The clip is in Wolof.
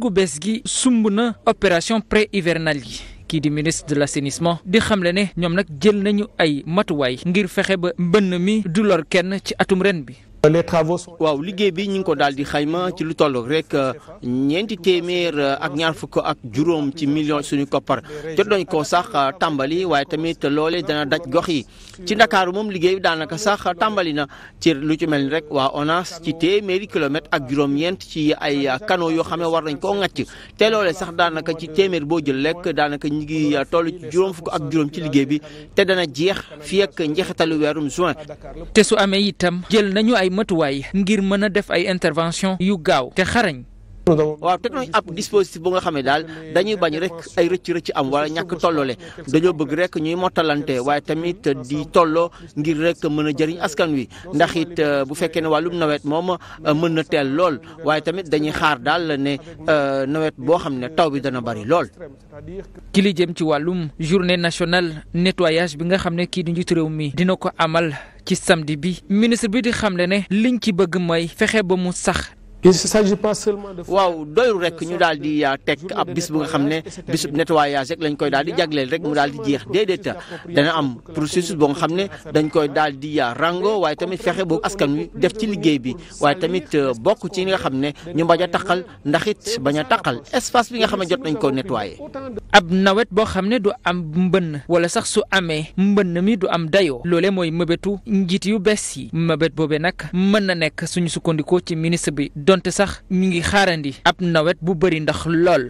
gu bees gi sumb na opération pré hivernale yi kii di ministre de l'assainissement di xamle ne ñoom nag jël nañu ay matuwaay ngir fexe ba mbënn mi du lor kenn ci atum ren bi les travaux waaw liggéey bi ñu ngi ko daal di xayma ci lu toll rek euh, ñeenti téeméer euh, ak ñaar fukk ak juróom ci million suñu koppar jot nañ ko sax euh, tàmbali waaye tamit loole dana daj gox yi ci Ndakaaru moom liggéey bi daanaka sax tàmbali na ci lu ci mel ni rek waa ONAS ci téeméeri kilomètre ak juróom-ñeent ci ay kano yoo xam ne war nañ koo ŋàcc te loolee sax daanaka ci téeméer boo jël lekk daanaka ñu ngi juróom fukk ak juróom ci liggéey bi te dana jeex fii ak njeexitalu weerum ay matuwaay ngir mën a def ay intervention yu gaaw te xarañ. waaw te nañ ab dispositif bu nga xamee daal dañuy bañ rek ay rëcc rëcc am wala ñàkk tollole dañoo bëgg rek ñuy mottalante waaye tamit di tolloo ngir rek mën a jëriñ askan wi ndax it euh, bu fekkee ne wàllum nawet moom euh, mën na teel lool waaye tamit dañuy xaar daal ne euh, nawet boo xam ne taw bi dana bari lool. ci li jëm ci wàllum journée nationale nettoyage bi nga xam ne kii di njiitu réew mi dina ci samedi bi ministre bi di xamle ne liñ ci bëgg mooy fexe ba mu sax il s'agit pas seulement de. waaw doyul rek ñu daal di euh, teg ab bis bu nga xam ne bisub nettoyage rek lañ koy daal di jagleel rek mu daal di jeex déedéet dana am processus boo nga xam ne dañ koy daal di euh, rango waaye tamit fexe boobu askan wi def ci liggéey bi waaye tamit euh, bokk ci li nga xam ne ñu bañ a taqal ndax it bañ a taqal espace bi nga xam ne jot nañ ko nettoyé. ab nawet boo xam ne du am mbënn wala sax su amee mbënn mi du am dayoo loolee mooy mëbëtu njiit yu bees yi mëbët boobee nag mën na nekk suñu sukkandikoo ci ministre bi. donte sax ñu ngi xarandi ab nawet bu bëri ndax lool